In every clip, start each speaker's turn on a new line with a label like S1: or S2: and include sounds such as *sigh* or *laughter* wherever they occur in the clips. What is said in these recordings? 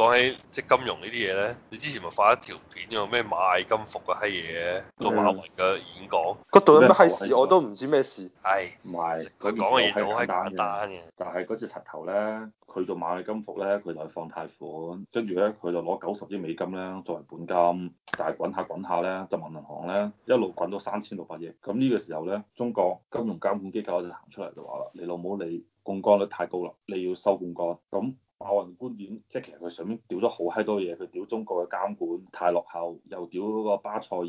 S1: 講起即係金融呢啲嘢咧，你之前咪發一條片有咩螞蟻金服嘅閪嘢，做、嗯、馬雲嘅演講。嗰、嗯、度有咩閪事我都唔知咩事。係、哎，唔係佢講嘅嘢就好簡單嘅。
S2: 單但係嗰隻柒頭咧，佢做螞蟻金服咧，佢就放貸款，跟住咧佢就攞九十億美金咧作為本金，但係滾下滾下咧，就問銀行咧，一路滾到三千六百億。咁呢個時候咧，中國金融監管機構就行出嚟就話啦，你老母你槓桿率太高啦，你要收槓桿。咁馬雲觀點，即係其實佢上面屌咗好閪多嘢，佢屌中國嘅監管太落後，又屌嗰個巴塞爾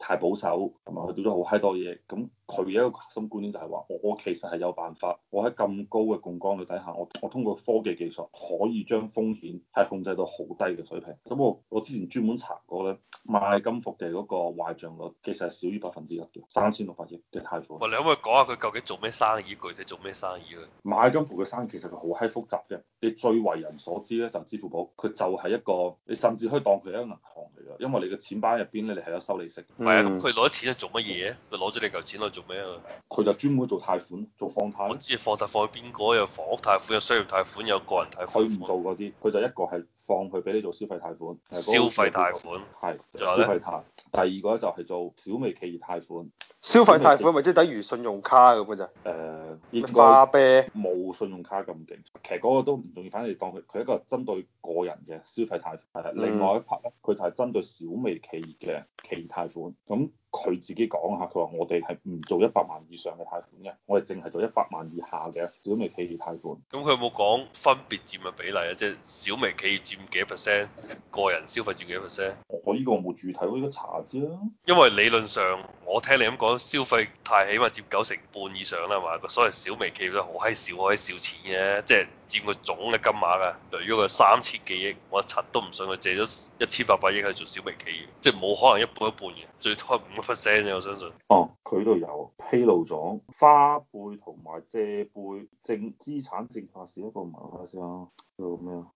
S2: 太保守，同埋佢屌咗好閪多嘢。咁佢嘅一個核心觀點就係話，我其實係有辦法，我喺咁高嘅槓杆率底下，我我通過科技技術可以將風險係控制到好低嘅水平。咁我我之前專門查過咧，螞蟻金服嘅嗰個壞賬率其實係少於百分之一嘅，三千六百億嘅貸款。喂，
S1: 你可唔可以講下佢究竟做咩生，生意？具體做咩生意啊？
S2: 螞蟻金服嘅生意其實佢好閪複雜嘅，你最為人所知咧，就是、支付寶，佢就係一個，你甚至可以當佢係一個銀
S1: 行嚟㗎，因
S2: 為你嘅錢包入邊咧，你係有收利息。係啊、嗯，咁
S1: 佢攞啲錢咧做乜嘢？佢攞咗你嚿錢去做咩啊？
S2: 佢就專門做貸款，做放貸。我
S1: 知放貸放去邊個？有房屋貸款，有商業貸款，有個人貸款。佢唔做嗰啲，佢就一個係
S2: 放佢俾你做消費貸款。就是、貸款消費貸款係，再咧對。第二個咧就係做小微企業貸款，消費貸款咪即係等於信用卡咁嘅啫。誒、呃，花唄冇信用卡咁勁，其實嗰個都唔重要，反而當佢佢一個係針對個人嘅消費貸款。嗯、另外一 part 咧，佢就係針對小微企業嘅企業貸款。咁佢自己講下，佢話我哋係唔做一百萬以上嘅貸款嘅，我哋淨係做一百萬以下嘅小微企業貸款。
S1: 咁佢有冇講分別佔嘅比例啊？即係小微企業佔幾 percent，個人消費佔幾 percent？
S2: 我呢個冇注意睇，我依個查下先。
S1: 因為理論上我聽你咁講，消費貸起碼佔九成半以上啦嘛，所謂小微企業都好閪少，好閪少錢嘅，即係佔個總嘅金額嘅，例如佢三千幾億，我一查都唔信佢借咗一千八百億去做小微企業，即係冇可能一半一半嘅，最多係五。出聲啊！我相信。哦，佢都有披露咗
S2: 花唄同埋借唄正資產正化是一個，唔係好啱先啊，有咩啊？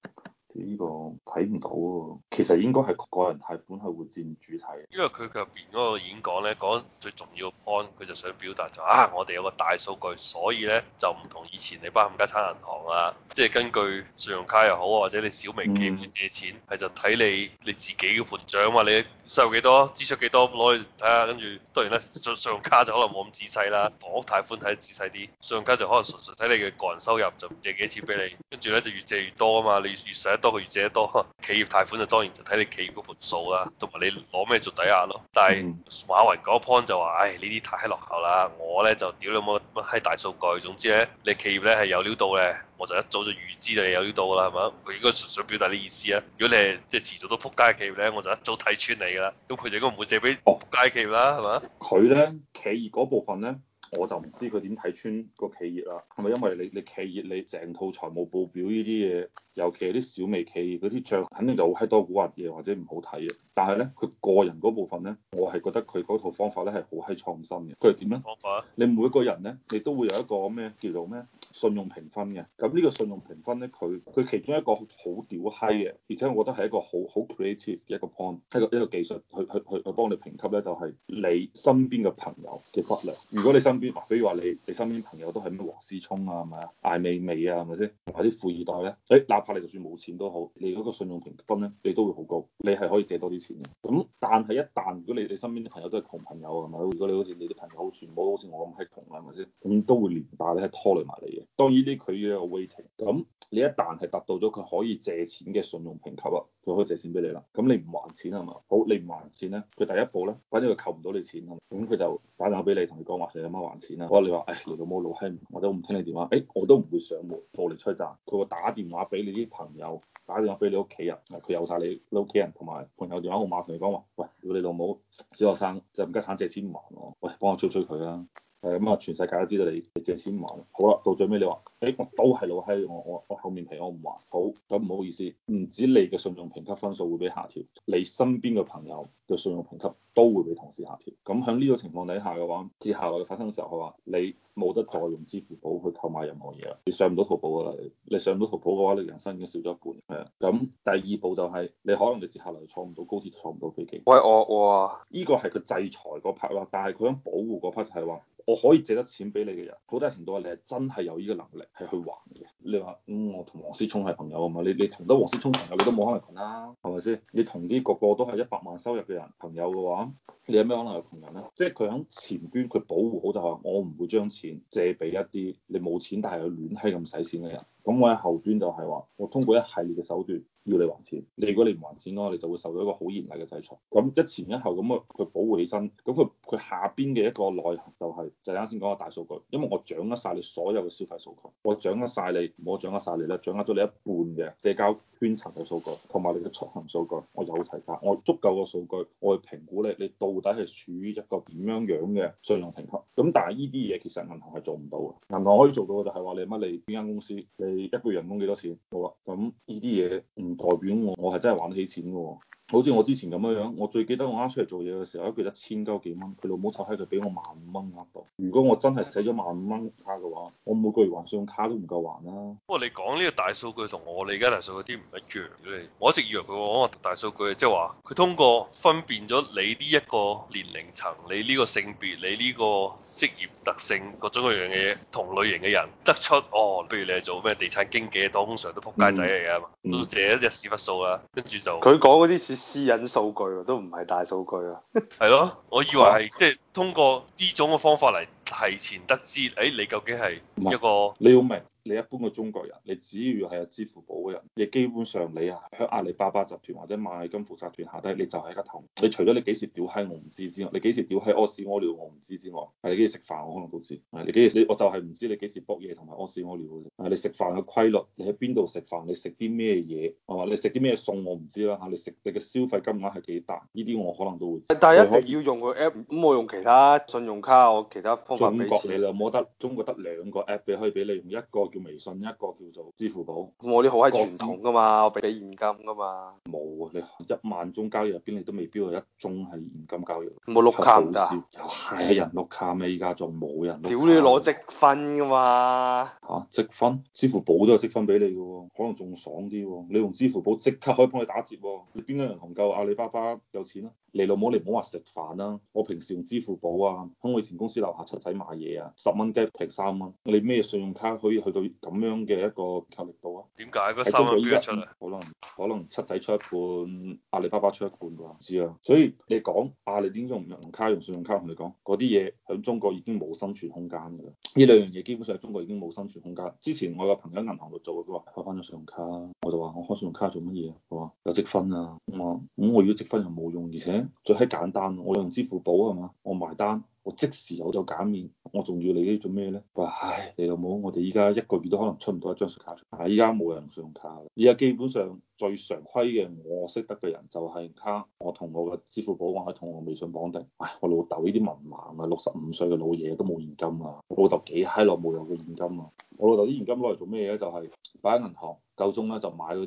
S2: 呢、這個睇唔到喎，其實應該係個人貸款係會佔主
S1: 體，因為佢入邊嗰個演講咧講最重要嘅 point，佢就想表達就啊，我哋有個大數據，所以咧就唔同以前你包含家差銀行啊，即係根據信用卡又好或者你小微企業借錢係、嗯、就睇你你自己嘅負賬啊嘛，你收入幾多、支出幾多咁攞去睇下，跟住當然咧信信用卡就可能冇咁仔細啦，房屋貸款睇得仔細啲，信用卡就可能純粹睇你嘅個人收入就借幾錢俾你，跟住咧就越借越多啊嘛，你越想，多個月借得多，企業貸款就當然就睇你企業嗰盤數啦，同埋你攞咩做抵押咯。但係馬雲嗰一 point 就話，唉，呢啲太閪落後啦。我咧就屌你冇乜閪大數據。總之咧，你企業咧係有料到咧，我就一早就預知你有料到啦，係嘛？佢應該純粹表達啲意思啊。如果你係即係遲早都撲街企業咧，我就一早睇穿你㗎啦。咁佢哋應該唔會借俾哦撲街企業啦，係嘛？
S2: 佢咧、哦、企業嗰部分咧。我就唔知佢點睇穿個企業啦，係咪因為你你企業你成套財務報表呢啲嘢，尤其係啲小微企業嗰啲帳，肯定就好閪多古惑嘢或者唔好睇嘅。但係咧，佢個人嗰部分咧，我係覺得佢嗰套方法咧係好閪創新嘅。佢係點咧？方法？你每個人咧，你都會有一個咩叫做咩信用評分嘅。咁呢個信用評分咧，佢佢其中一個好屌閪嘅，而且我覺得係一個好好 creative 嘅一個 point，一個一個技術去去去去幫你評級咧，就係你身邊嘅朋友嘅質量。如果你身比如話你，你身邊朋友都係咩王思聰啊，係咪啊？艾美美啊，係咪先？或者富二代咧？誒、哎，哪怕你就算冇錢都好，你嗰個信用評分咧，你都會好高，你係可以借多啲錢嘅。咁但係一旦如果你你身邊啲朋友都係窮朋友啊，係咪？如果你好似你啲朋友好全部好似我咁係窮啊，係咪先？咁都會連帶咧拖累埋你嘅。當然呢，佢要 waiting。咁你一旦係達到咗佢可以借錢嘅信用評級啊，佢可以借錢俾你啦。咁你唔還錢啊，係咪？好，你唔還錢咧，佢第一步咧，反正佢扣唔到你錢，咁佢就打電話俾你，同你講話，你日乜話？還錢啦！我話你話，誒你老母老兄，我都唔聽你電話，誒我都唔會上門過嚟催債。佢會打電話俾你啲朋友，打電話俾你屋企人，佢有晒你你屋企人同埋朋友電話號碼，同你講話，喂，你老母小學生就唔得產借錢唔還喎，喂，幫我催催佢啦。係咁啊，全世界都知道你你借錢唔還。好啦，到最尾你話，誒、欸，我都係老閪，我我我厚面皮，我唔還。好，咁唔好意思，唔止你嘅信用評級分數會俾下調，你身邊嘅朋友嘅信用評級都會俾同時下調。咁喺呢個情況底下嘅話，接下來發生嘅時候，佢話你冇得再用支付寶去購買任何嘢啦，你上唔到淘寶㗎啦。你上唔到淘寶嘅話，你人生已經少咗一半。係咁，第二步就係、是、你可能你接下來坐唔到高鐵，坐唔到飛機。
S1: 喂，我係呢喎，
S2: 依個係佢制裁嗰 part 咯，但係佢想保護嗰 part 就係話。我可以借得錢俾你嘅人，好大程度話你係真係有呢個能力係去還嘅。你話嗯，我同王思聰係朋友啊嘛，你你同得王思聰朋友，你都冇可能窮啦，係咪先？你同啲個，個個都係一百萬收入嘅人朋友嘅話，你有咩可能係窮人呢？即係佢喺前端，佢保護好就係話我唔會將錢借俾一啲你冇錢但係佢亂閪咁使錢嘅人。咁我喺後端就係話，我通過一系列嘅手段要你還錢。你如果你唔還錢咧，你就會受到一個好嚴厲嘅制裁。咁一前一後咁啊，佢保護起身。咁佢佢下邊嘅一個內涵就係就啱先講嘅大數據。因為我掌握晒你所有嘅消費數據，我掌握晒你，我掌握晒你啦，掌握咗你，你一半嘅社交圈層嘅數據，同埋你嘅出行數據，我有睇法，我足夠嘅數據，我去評估你你到底係處於一個點樣樣嘅信用評級。咁但係呢啲嘢其實銀行係做唔到嘅，銀行可以做到嘅就係話你乜你邊間公司你一個月人工幾多錢？好啦，咁呢啲嘢唔代表我，我係真係玩得起錢嘅喎。好似我之前咁樣樣，我最記得我啱出嚟做嘢嘅時候，一個一千鳩幾蚊，佢老母就喺度俾我萬五蚊額度。如果我真係寫咗萬五蚊卡嘅話，我每個月還信用卡都唔夠還啦。
S1: 不過你講呢個大數據同我哋而家大數據啲唔一樣嘅咧，我一直以為佢講個大數據即係話，佢、就是、通過分辨咗你呢一個年齡層、你呢個性別、你呢、呢個。職業特性各種各樣嘅嘢，同類型嘅人得出哦，譬如你係做咩地產經紀，通常都仆街仔嚟㗎嘛，嗯、都借一隻屎忽數啦，跟住就佢講
S2: 嗰啲係私隱數據喎，都唔係大數據啊，
S1: 係 *laughs* 咯，我以為係即係。 *laughs* 就是通過呢種嘅方法嚟提前得知，誒、哎、你究竟係一個你要明，
S2: 你一般嘅中國人，你只要係有支付寶嘅人，你基本上你啊響阿里巴巴集團或者螞蟻金服集團下低，你就係一家頭。你除咗你幾時屌閪我唔知之外，你幾時屌閪屙屎屙尿我唔知之外，你幾時食飯我可能都知。你幾時我就係唔知你幾時卜嘢同埋屙屎屙尿，你食飯嘅規律，你喺邊度食飯，你食啲咩嘢，係嘛？你食啲咩餸我唔知啦嚇。你食你嘅消費金額係幾大？呢啲我可能都會。但係一定要用個 app，咁以我用其他信用卡我其他方法俾錢你啦，我得中國得中國兩個 app 俾可以俾你用，一個叫微信，一個叫做支付寶。咁我啲好閪傳統噶嘛，種我俾你現金噶嘛。冇啊，你一萬宗交易入邊，你都未必有一宗係現金交易。冇碌卡噶？有係、哎、人碌卡咩？依家仲冇人碌卡屌你攞積分噶嘛？嚇、啊，積分？支付寶都有積分俾你噶喎，可能仲爽啲喎。你用支付寶即刻可以幫你打折喎、啊。你邊間銀行夠阿里巴巴有錢啊？你老母，你唔好話食飯啦、啊。我平時用支付。付寶啊，響我以前公司樓下七仔買嘢啊，十蚊 gap 平三蚊。你咩信用卡可以去到咁樣嘅一個吸引力度啊？
S1: 點解？喺、那個、中國入邊，
S2: 可能可能七仔出一半，阿里巴巴出一半啩？唔知啊。所以你講阿里點用用卡用信用卡，同你講嗰啲嘢喺中國已經冇生存空間㗎啦。呢兩樣嘢基本上喺中國已經冇生存空間。之前我個朋友喺銀行度做，佢話開翻咗信用卡，我就話我開信用卡做乜嘢？佢話有積分啊。我話咁、嗯、我如果積分又冇用，而且最閪簡單，我用支付寶係嘛，埋單，我即時有就減免。我仲要你呢啲做咩呢？話唉，你老母，我哋依家一個月都可能出唔到一張信用卡出，依家冇人信用卡啦。依家基本上最常規嘅，我識得嘅人就係卡，我同我嘅支付寶，或者同我微信綁定。唉，我老豆呢啲文盲啊，六十五歲嘅老嘢都冇現金啊，我老豆幾閪耐冇有嘅現金啊，我老豆啲現金攞嚟做咩嘢咧？就係擺喺銀行。夠鐘啦，就買嗰啲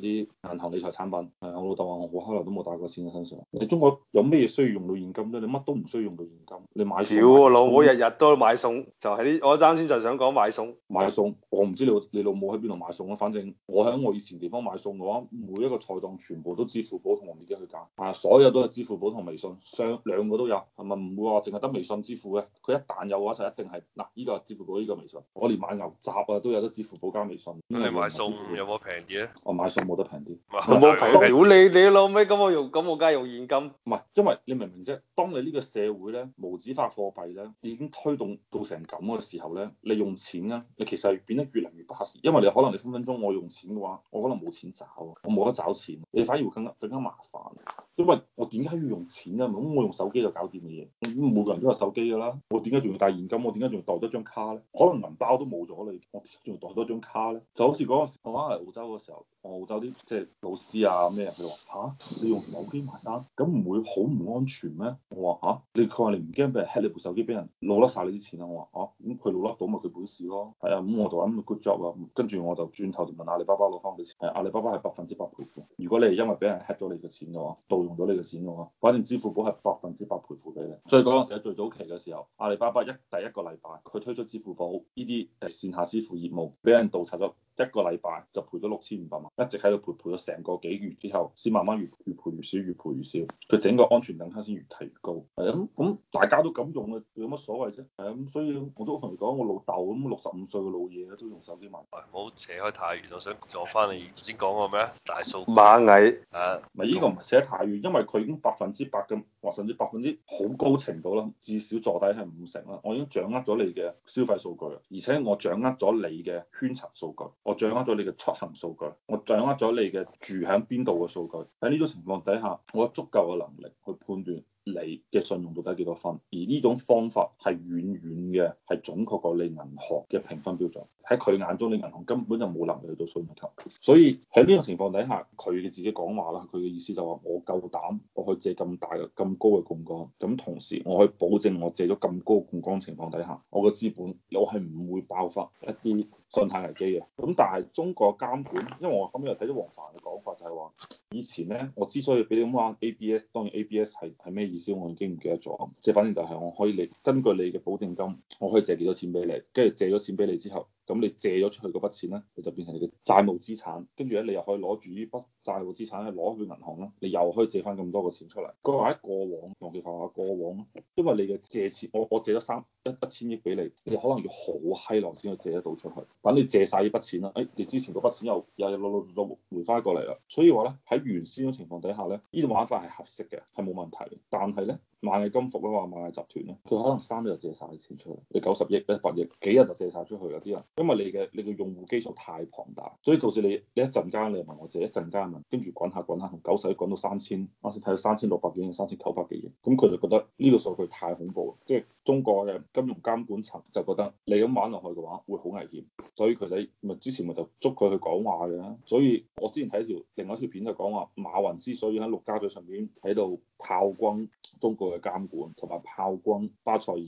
S2: 銀行理財產品。誒，我老豆話我好耐都冇帶過錢喺身上。你中國有咩嘢需要用到現金咧？你乜都唔需要用到現
S1: 金。你買餸啊，買餸，老母日日都買餸，就係、是、啲我啱先就想講買餸。
S2: 買餸，我唔知你老你老母喺邊度買餸啦。反正我喺我以前地方買餸嘅話，每一個菜檔全部都支付寶同我自己去揀，啊，所有都係支付寶同微信，雙兩個都有，係咪唔會話淨係得微信支付嘅？佢一旦有嘅話就一定係嗱，依、啊呢個係支付寶呢、呢個微信、呢個。我連買牛雜啊都有得支付寶加微信。你買餸有冇平？Yeah. 我買餸冇得平啲，我屌你你老味，咁我用咁我梗係用現金。唔係，因為你明明啫，當你呢個社會咧無紙化貨幣咧已經推動到成咁嘅時候咧，你用錢咧，你其實係變得越嚟越不合時，因為你可能你分分鐘我用錢嘅話，我可能冇錢找，我冇得找錢，你反而會更加更加麻煩，因為。點解要用錢啊？咁我用手機就搞掂嘅嘢。咁每個人都有手機㗎啦。我點解仲要帶現金？我點解仲要袋多張卡咧？可能銀包都冇咗你，我仲袋多張卡咧？就好似嗰陣時我啱嚟澳洲嗰時候，澳洲啲即係老師啊咩，佢話吓你用手機埋單，咁唔會好唔安全咩？我話吓，啊、你，佢話你唔驚俾人 hack 你部手機，俾人攞甩晒你啲錢啊！我話吓，咁佢攞甩到咪佢本事咯。係啊，咁、嗯、我就話咁 good job 啊。跟住我就轉頭就問阿里巴巴攞返我啲錢。阿里巴巴係百分之百賠付，如果你係因為俾人 hack 咗你嘅錢嘅話，盜用咗你嘅錢。反正支付寶係百分之百賠付俾你，所以嗰陣時喺最早期嘅時候，阿里巴巴一第一個禮拜，佢推出支付寶呢啲誒線下支付業務俾人盜刷咗。一個禮拜就賠咗六千五百萬，一直喺度賠，賠咗成個幾個月之後，先慢慢越賠越賠越少，越賠越少。佢整個安全等級先越提越高。咁咁大家都咁用嘅，有乜所謂啫？係咁所以我都同你講，我老豆咁六十五歲嘅老嘢都
S1: 用手機買。唔好扯開太遠，我想講翻你頭先講個咩？大數螞蟻啊，唔係呢個唔係扯
S2: 太遠，因為佢已經百分之百咁，或甚至百分之好高程度啦，至少坐底係五成啦。我已經掌握咗你嘅消費數據，而且我掌握咗你嘅圈層數據。我掌握咗你嘅出行數據，我掌握咗你嘅住響邊度嘅數據。喺呢種情況底下，我有足夠嘅能力去判斷你嘅信用到底幾多分。而呢種方法係遠遠嘅，係準確過你銀行嘅評分標準。喺佢眼中，你銀行根本就冇能力去到信用卡。所以喺呢種情況底下，佢嘅自己講話啦，佢嘅意思就話：「我夠膽。」借咁大嘅咁高嘅槓桿，咁同時我可以保證我借咗咁高嘅槓桿情況底下，我嘅資本又係唔會爆發一啲信貸危機嘅。咁但係中國監管，因為我後面又睇咗王凡嘅講法就，就係話以前咧，我之所以俾你咁玩 ABS，當然 ABS 係係咩意思，我已經唔記得咗，即係反正就係我可以你根據你嘅保證金，我可以借幾多錢俾你，跟住借咗錢俾你之後。咁你借咗出去嗰筆錢咧，你就變成你嘅債務資產，跟住咧你又可以攞住呢筆債務資產去攞去銀行啦，你又可以借翻咁多個錢出嚟。佢話喺過往狀態下，過往因為你嘅借錢，我我借咗三一一千億俾你，你可能要好閪耐先至借得到出去。等你借晒呢筆錢啦，誒、哎、你之前嗰筆錢又又陸陸續續回翻過嚟啦，所以話咧喺原先嘅情況底下咧，呢種玩法係合適嘅，係冇問題嘅。但係咧螞蟻金服啊嘛，螞蟻集團咧，佢可能三日就借晒啲錢出嚟，你九十億、一百億,億幾日就借晒出去啦啲人。因為你嘅你個用戶基礎太龐大，所以到時你你一陣間你又問我，就一陣間問，跟住滾下滾下，九十都滾到三千，我先睇到三千六百幾，多幾多，三千九百幾嘅，咁佢就覺得呢個數據太恐怖，即係中國嘅金融監管層就覺得你咁玩落去嘅話會好危險，所以佢哋咪之前咪就捉佢去講話嘅。所以我之前睇條另外一條片就講話，馬雲之所以喺陸家嘴上面睇到炮轟中國嘅監管，同埋炮轟巴塞爾。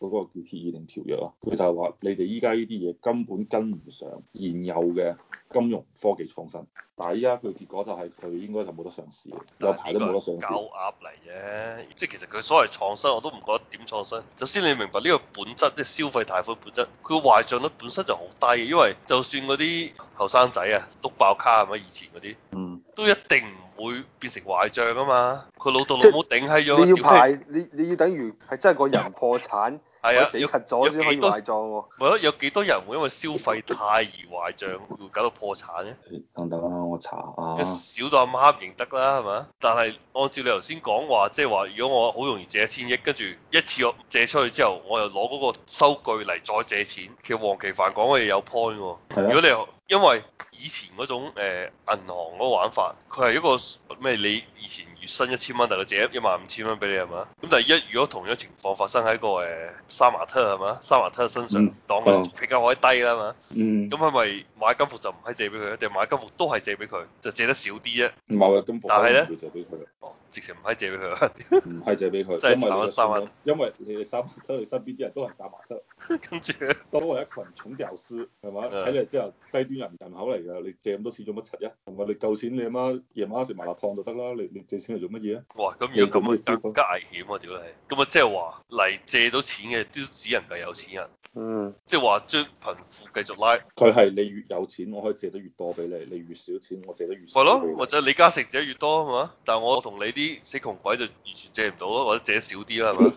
S2: 嗰個叫協議定條約啊，佢就係話你哋依家呢啲嘢根本跟唔上現有嘅金融科技創新，但係依家佢結果就係佢應該就
S1: 冇得上市，個牌都冇得上。狗鴨嚟嘅，即係其實佢所謂創新，我都唔覺得點創新。首先你明白呢個本質，即係消費貸款本質，佢壞帳率本身就好低，因為就算嗰啲後生仔啊碌爆卡係咪以前嗰啲，都一定唔會變成壞帳啊嘛。佢老豆老母即頂起咗，你要排
S2: 你你要等於係真
S1: 係個人破產。 *laughs* 係啊，死實咗先可以壞帳喎。唔係咯，有幾多，有多人會因為消費太而壞帳，會搞到破產咧？等等，我查下、啊。少到阿媽，媽認得啦，係咪？但係按照你頭先講話，即係話如果我好容易借一千億，跟住一次我借出去之後，我又攞嗰個收據嚟再借錢，其實黃奇帆講嘅嘢有 point 喎。如果你，因為以前嗰種誒銀、呃、行嗰玩法，佢係一個咩？你以前月薪一千蚊，大概借一萬五千蚊俾你係嘛？咁但係一如果同樣情況發生喺個誒、呃、沙馬特係嘛？三馬特身上當、嗯、比較可以低啦嘛？咁係咪買金服就唔可以借俾佢？定買金服都係借俾佢，就借得少啲啫。冇啊，金服都唔借俾佢、哦。直情唔可以借俾佢。唔 *laughs* 閪借俾佢。即係三啦，沙因為你三 *laughs* 馬特，你身
S2: 邊啲人都係三馬特，跟住都係一群重屌絲係嘛？睇嚟 *laughs* 之後低端。人口嚟噶，你借咁多錢做乜柒呀？同埋你夠錢你，你阿媽夜晚食麻辣燙就得啦。你你借錢嚟做乜嘢
S1: 啊？哇，咁如果咁會更加危險喎，屌你！咁啊，即係話嚟借到錢嘅都只能係有錢人。嗯。即係話將貧富繼續拉。
S2: 佢係你越有錢，我可以借得越多俾你；你越少錢，我借得越
S1: 少。係咯，或者李嘉誠借得越多啊嘛，但係我同你啲死窮鬼就完全借唔到咯，或者借少啲啦，係嘛？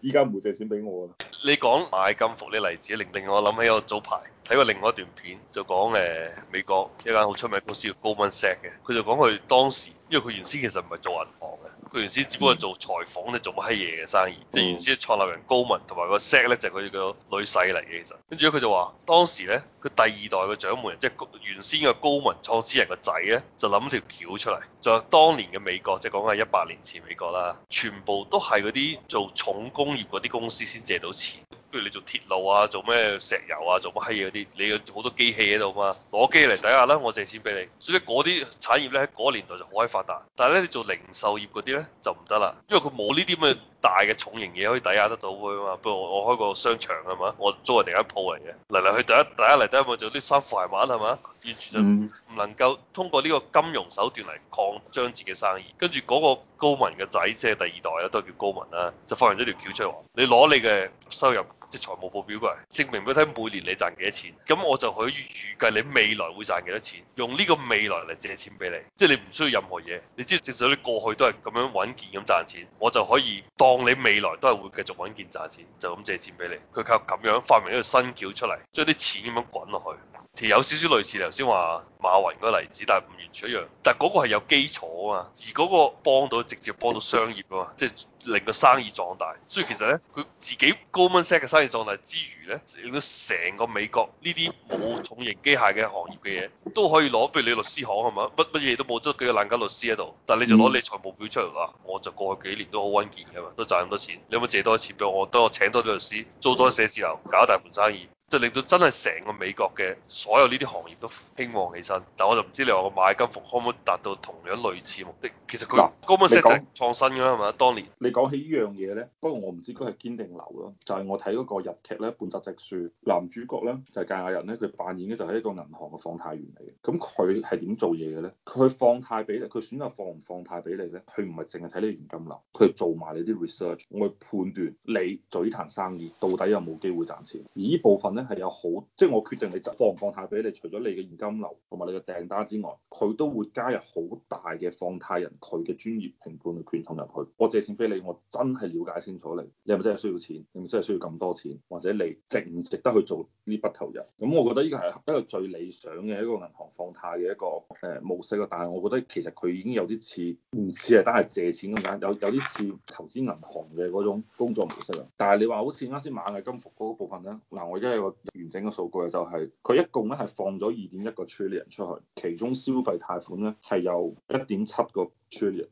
S1: 依家冇借錢俾我啦。你講螞蟻金服呢例子，令令我諗起我早排，睇過另外一段片，就講誒美國一間好出名公司叫高文石嘅，佢就講佢當時，因為佢原先其實唔係做銀行嘅，佢原先只不過做裁縫定做乜閪嘢嘅生意。即係原先創立人高文同埋個石咧，就係佢個女婿嚟嘅。其實跟住佢就話，當時咧佢第二代嘅掌門人，即係原先嘅高文創始人個仔咧，就諗條橋出嚟。就係當年嘅美國，即係講係一百年前美國啦，全部都係嗰啲做重工業嗰啲公司先借到錢。不如你做鐵路啊，做咩石油啊，做乜閪嘢嗰啲，你好多機器喺度嘛，攞機嚟抵押啦，我借錢俾你，所以嗰啲產業咧喺嗰年代就好閪發達，但係咧你做零售業嗰啲咧就唔得啦，因為佢冇呢啲咁嘅大嘅重型嘢可以抵押得到嘅嘛。不如我開個商場係嘛，我租人哋一鋪嚟嘅，嚟嚟去第一第一嚟第一我做啲衫褲鞋襪嘛，完全就唔能夠通過呢個金融手段嚟擴張自己生意，跟住嗰個。高文嘅仔即係第二代啦，都係叫高文啦，就發明咗條橋出嚟，你攞你嘅收入即係、就是、財務報表過嚟證明俾我睇每年你賺幾多錢，咁我就可以預計你未來會賺幾多錢，用呢個未來嚟借錢俾你，即係你唔需要任何嘢，你知道，即使你過去都係咁樣穩健咁賺錢，我就可以當你未來都係會繼續穩健賺錢，就咁借錢俾你。佢靠咁樣發明一條新橋出嚟，將啲錢咁樣滾落去。其實有少少類似你頭先話馬雲嗰個例子，但係唔完全一樣。但係嗰個係有基礎啊嘛，而嗰個幫到直接幫到商業啊嘛，即係令個生意壯大。所以其實咧，佢自己高門市嘅生意壯大之餘咧，令到成個美國呢啲冇重型機械嘅行業嘅嘢都可以攞。譬如你律師行係嘛，乜乜嘢都冇，得幾個爛鳩律師喺度，但係你就攞你財務表出嚟話，我就過去幾年都好穩健㗎嘛，都賺咁多錢。你有冇借多啲錢俾我？當我請多啲律師，租多啲寫字樓，搞大盤生意。就令到真係成個美國嘅所有呢啲行業都興旺起身，但我就唔知你話個螞蟻金服可唔可以達到同樣類似的目的？其實佢嗰個識創新㗎啦，係咪當年
S2: 你講起呢樣嘢咧，不過我唔知佢係堅定流咯。就係、是、我睇嗰個日劇咧，《半澤直樹》，男主角咧就係堺雅人咧，佢扮演嘅就係一個銀行嘅放貸員嚟嘅。咁佢係點做嘢嘅咧？佢放貸俾你，佢選擇放唔放貸俾你咧？佢唔係淨係睇你現金流，佢做埋你啲 research，我判斷你嘴依生意到底有冇機會賺錢。而呢部分。咧係有好，即係我決定你放唔放貸俾你，除咗你嘅現金流同埋你嘅訂單之外，佢都會加入好大嘅放貸人佢嘅專業評判嘅權重入去。我借錢俾你，我真係了解清楚你，你係咪真係需要錢？你係咪真係需要咁多錢？或者你值唔值得去做呢筆投入？咁我覺得呢個係一個最理想嘅一個銀行放貸嘅一個誒模式咯。但係我覺得其實佢已經有啲似，唔似係單係借錢咁簡單，有有啲似投資銀行嘅嗰種工作模式啊。但係你話好似啱先螞蟻金服嗰部分咧，嗱我而家。完整嘅數據啊，就係佢一共咧係放咗二點一個 trillion 出去，其中消費貸款咧係有一點七個。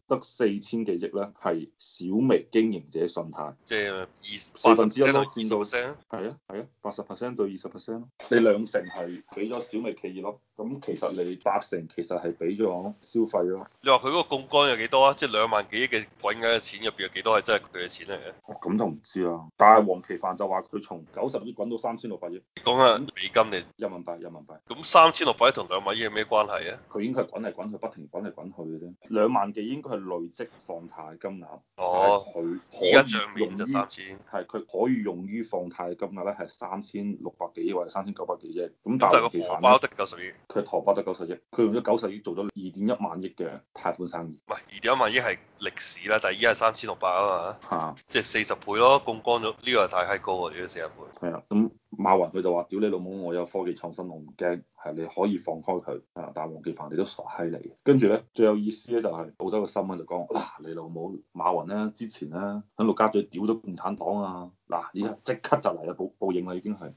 S2: 得四千幾億咧，係小微經營者信貸，即係二四分之一咯，到係六係啊係啊，八十 percent 對二十 percent 你兩成係俾咗小微企業咯，咁其實你八成其實係俾咗消費咯。
S1: 你話佢嗰個槓桿有幾多啊？即係兩萬幾億嘅滾嘅錢入邊有幾多係真係佢嘅錢嚟嘅？哦，咁就
S2: 唔知啊。但係黃奇帆就話佢從九十億滾到三千六百億，
S1: 講下，那美金你，一萬八，一萬八。咁三千六百億同兩萬億有咩關係啊？
S2: 佢應該係滾嚟滾去，不停滾嚟滾去嘅啫。兩萬。嘅應該係累積放貸金額，
S1: 哦，佢一帳面就
S2: 三千，係佢可以用於放貸金額咧，係三千六百幾億或者三千九百幾億，咁但係個荷包得九十億，佢荷包得九十億，佢用咗九十億做咗二點一萬億嘅貸款生意，唔
S1: 係二點一萬億係歷史啦，但係依家係三千六百啊嘛，嚇、啊，即係四十倍咯，槓桿咗呢個太閪高啊，要四十倍，係啊，咁。
S2: 馬雲佢就話：屌你老母！我有科技創新，我唔驚，係你可以放開佢啊！但黃奇帆你都傻閪嚟嘅。跟住咧，最有意思咧就係、是、澳洲嘅新聞就講：嗱、啊，你老母馬雲咧之前咧喺陸家嘴屌咗共產黨啊！嗱、啊，而家即刻就嚟啊報報應啦已經係。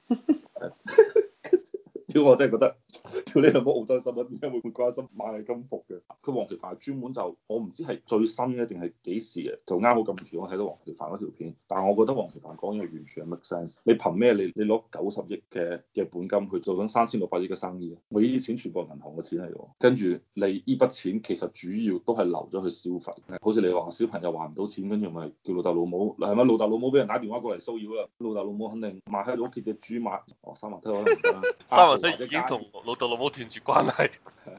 S2: 屌、 *laughs* 哎、我真係覺得。你兩冇澳洲新聞啊？點解會關心買金服嘅？佢黃奇帆專門，就我唔知係最新嘅定係幾時嘅，就啱好咁巧我睇到黃奇帆嗰條片，但係我覺得黃奇帆講嘢完全係 make sense 你你。你憑咩？你你攞九十億嘅嘅本金去做緊三千六百億嘅生意咧？我呢啲錢全部銀行嘅錢嚟，跟住你呢筆錢其實主要都係留咗去消費。好似你話小朋友還唔到錢，跟住咪叫老豆老母嗱，係咪？老豆老母俾人打電話過嚟騷擾啦，老豆老母肯定買喺屋企嘅主買三萬七，可能三萬七已經同
S1: 老豆老。冇斷絕關係。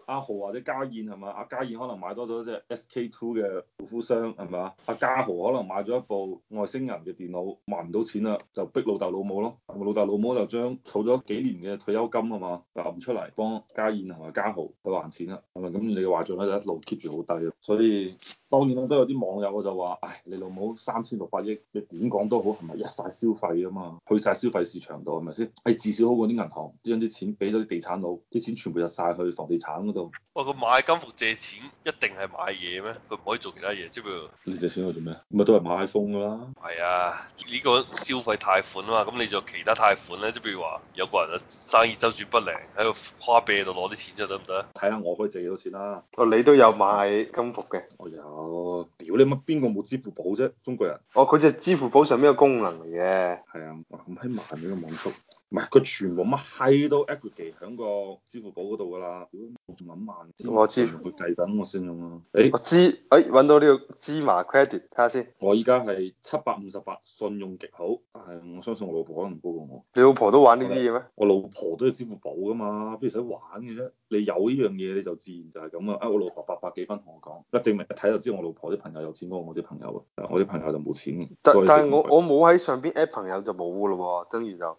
S2: 阿豪或者家燕係嘛？阿家燕可能買多咗一隻 SK Two 嘅護膚箱係嘛？阿家豪可能買咗一部外星人嘅電腦，還唔到錢啦，就逼老豆老母咯。老豆老母就將儲咗幾年嘅退休金係嘛唔出嚟幫家燕同埋家豪去還錢啦。係咪咁你嘅壞賬咧就一路 keep 住好低。所以當然啦，都有啲網友我就話：，唉，你老母三千六百億，你點講都好，係咪一晒消費啊嘛？去晒消費市場度係咪先？係至少好過啲銀行將啲錢俾咗啲地產佬。全部入晒去房地產嗰度。
S1: 喂、哦，佢買金服借錢一定係買嘢咩？佢唔可以做其他嘢，即譬如。
S2: 你借錢去做咩？咪都係買房㗎啦。
S1: 係啊，呢、這個消費貸款啊嘛，咁你仲有其他貸款咧？即譬如話，有個人啊生意周轉不靈，喺個花唄度攞啲錢就得唔得？
S2: 睇下我可以借幾多錢啦、啊。哦，你都有買金服嘅？我有、哎。屌你乜？邊個冇支付寶啫？中國人。哦，佢就支付寶上邊嘅功能嚟嘅。係啊，咁喺埋慢咗個網速。唔係佢全部乜閪都 equity 響個支付寶嗰度噶啦。我諗我知佢計等我先用啊！欸、我知，哎，揾到呢個芝麻 credit，睇下先。我依家係七百五十八信用極好，但係我相信我老婆可能高過我。你老婆都玩呢啲嘢咩？我老婆都有支付寶噶嘛，如使玩嘅啫？你有呢樣嘢，你就自然就係咁啊！啊、哎，我老婆八百幾分同我講，一證明一睇就知我老婆啲朋友有錢過我啲朋友啊！我啲朋，朋友就冇錢嘅。但但係我我冇喺上邊 a p p 朋友就冇噶咯喎，當然就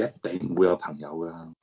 S2: 一
S1: 定唔會有朋
S2: 友噶。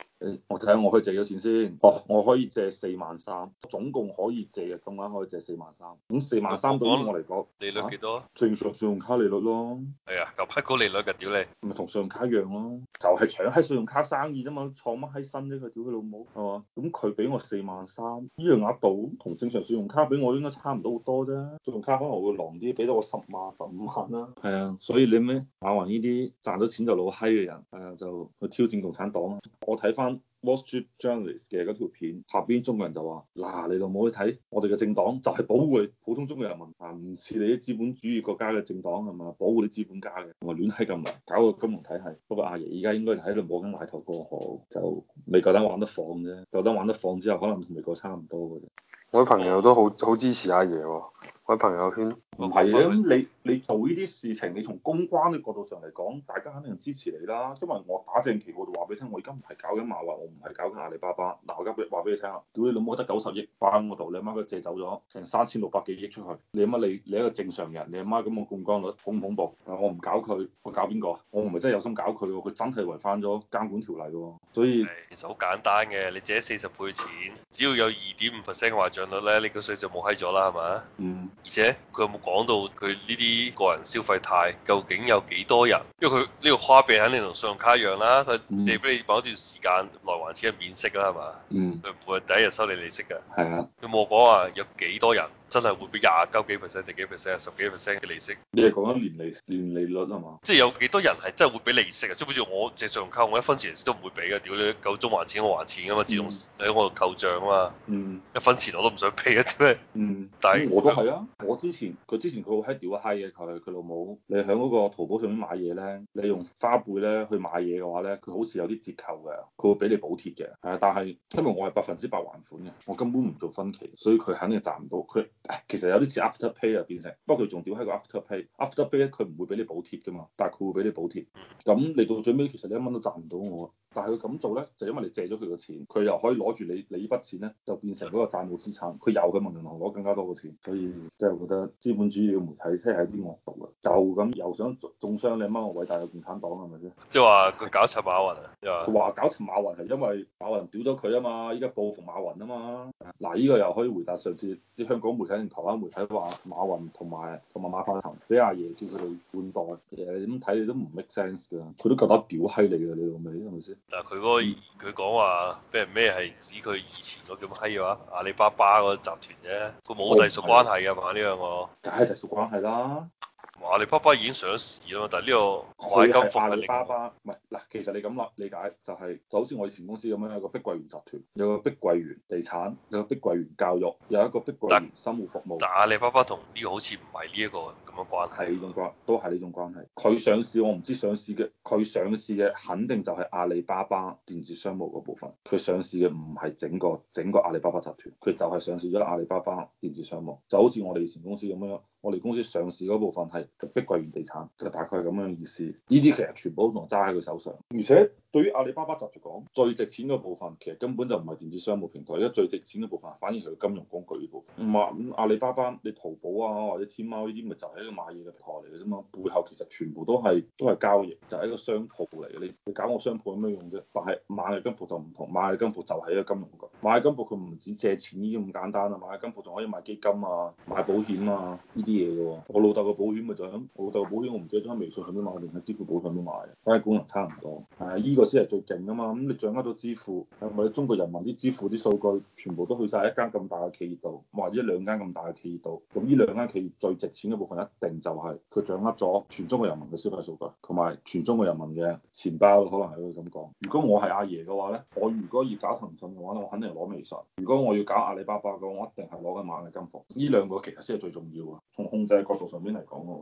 S2: 我睇下我可以借幾多錢先？哦，我可以借四萬三，總共可以借嘅。咁樣可以借四萬三。咁、嗯、四萬三對於我嚟講，利率幾多、啊？正常信用卡利率咯。係啊、哎，舊批高利率噶屌你！咪同信用卡一樣咯，就係搶喺信用卡生意啫嘛，創乜閪新啫佢屌佢老母。係嘛？咁佢俾我四萬三，呢個額度同正常信用卡俾我應該差唔多好多啫。信用卡可能會狼啲，俾到我十萬十五萬啦。係啊，啊，所以你咩？馬雲呢啲賺咗錢就老閪嘅人，誒、啊，就去挑戰共產黨。我睇翻。《Wall Street Journal》嘅嗰條片下邊，中國人就話：嗱、啊，你老母去睇，我哋嘅政黨就係保護普通中國人民啊，唔似你啲資本主義國家嘅政黨係嘛，保護啲資本家嘅，同佢亂閪咁嚟搞個金融體系。不過阿爺依家應該係喺度摸緊奶頭過河，就未夠膽玩得放啫，夠膽玩得放之後，可能同美國差唔多嘅啫。我啲朋友都好好支持阿爺喎、哦。喺朋友圈唔係咁你你做呢啲事情，你從公關嘅角度上嚟講，大家肯定支持你啦。因為我打正旗號我就話俾你聽，我而家唔係搞緊馬雲，我唔係搞緊阿里巴巴。嗱，我而家俾話俾你聽啦，嗰你老母得九十億擺喺度，你阿媽佢借走咗成三千六百幾億出去，你阿媽，媽你你一個正常人，你阿媽咁個槓杆率恐唔恐怖？我唔搞佢，我搞邊個？我唔係真係有心搞佢喎，佢真係違反咗監管條例喎。
S1: 所以其實好簡單嘅，你借四十倍錢，只要有二點五 percent 嘅壞賬率咧，你個稅就冇閪咗啦，係咪？嗯。而且佢有冇講到佢呢啲個人消費貸究竟有幾多人？因為佢呢個花唄肯定同信用卡一樣啦，佢借俾你某一段時間內還錢係免息啦，係嘛？嗯，佢唔會第一日收你利息㗎。係啊。有冇講話有幾多人？真係會俾廿九幾 percent 定幾 percent 十幾 percent 嘅利息？
S2: 你係講緊年利年利率係嘛？
S1: 即係有幾多人係真係會俾利息啊？即係好似我借信用卡，我一分錢都唔會俾嘅。屌你夠鐘還錢，我還錢㗎嘛，自動喺我度扣帳㗎嘛。嗯。一分錢我都唔想俾嘅，真係。嗯。但係我都係啊！
S2: *laughs* 我之前佢之前佢好閪屌閪嘅佢佢老母。你喺嗰個淘寶上面買嘢咧，你用花唄咧去買嘢嘅話咧，佢好似有啲折扣嘅，佢會俾你補貼嘅。係啊，但係因為我係百分之百還款嘅，我根本唔做分期，所以佢肯定賺唔到佢。其實有啲似 afterpay 又、啊、變成，不過佢仲屌喺個 afterpay，afterpay 佢唔會俾你補貼㗎嘛，但係佢會俾你補貼。咁、嗯、你到最尾其實你一蚊都賺唔到喎。但係佢咁做咧，就因為你借咗佢嘅錢，佢又可以攞住你你呢筆錢咧，就變成嗰個債務資產。佢又去問銀行攞更加多嘅錢，所以即係我覺得資本主義嘅媒體即係有啲惡毒啊！就咁又想中傷你乜嘢，我偉大嘅共產黨係咪先？即
S1: 係話佢搞柒馬雲，佢話
S2: 搞柒馬雲係因為馬雲屌咗佢啊嘛，依家報復馬雲啊嘛。嗱、啊、呢、呢個又可以回答上次啲香港媒體。可能台灣媒體話馬雲同埋同埋馬化騰俾阿爺叫佢換代，其實點睇你都唔 make sense 㗎，佢都夠膽屌閪你㗎，你老味，係咪先？但係、
S1: 嗯，佢嗰個佢講話俾人咩係指佢以前嗰叫咩閪話阿里巴巴嗰集團啫，佢冇隸屬關係㗎嘛？呢樣我梗係隸屬關係啦。阿里巴巴已經上了市啦，但係呢、這個好係是阿里巴巴，
S2: 唔係嗱，其實你咁理解就係、是，就好似我以前公司咁樣，有個碧桂園集團，有個碧桂園地產，有個碧桂園教育，有一個碧桂園生活服
S1: 務。但，但阿里巴巴同呢個好似唔係呢一個。關係呢種關，都係呢種關係。佢上
S2: 市，我唔知上市嘅，佢上市嘅肯定就係阿里巴巴電子商務嗰部分。佢上市嘅唔係整個整個阿里巴巴集團，佢就係上市咗阿里巴巴電子商務。就好似我哋以前公司咁樣，我哋公司上市嗰部分係碧桂園地產，即係大概係咁樣嘅意思。呢啲其實全部都仲揸喺佢手上，而且。對於阿里巴巴集團講，最值錢嘅部分其實根本就唔係電子商務平台，而家最值錢嘅部分反而係金融工具呢部分。唔係咁阿里巴巴，你淘寶啊或者天貓呢啲咪就係一個買嘢嘅平台嚟嘅啫嘛，背後其實全部都係都係交易，就係、是、一個商鋪嚟嘅。你搞你搞個商鋪有咩用啫？但係買嘅金服就唔同，買嘅金服就係一個金融工具。買嘅金服佢唔止借錢呢啲咁簡單啦，買嘅金服仲可以買基金啊、買保險啊呢啲嘢嘅喎。我老豆個保險咪就係咁、是，我老豆個保險我唔記得咗喺微信上面買定係支付寶上面買，但係功能差唔多。係啊，呢個先係最勁啊嘛！咁你掌握到支付，係咪中國人民啲支付啲數據，全部都去晒一間咁大嘅企業度，或者兩間咁大嘅企業度。咁呢兩間企業最值錢嘅部分一定就係佢掌握咗全中國人民嘅消費數據，同埋全中國人民嘅錢包，可能係會咁講。如果我係阿爺嘅話咧，我如果要搞騰訊嘅話咧，我肯定係攞微信。如果我要搞阿里巴巴嘅，我一定係攞緊螞蟻金服。呢兩個其實先係最重要嘅，從控制角度上面嚟講嘅喎。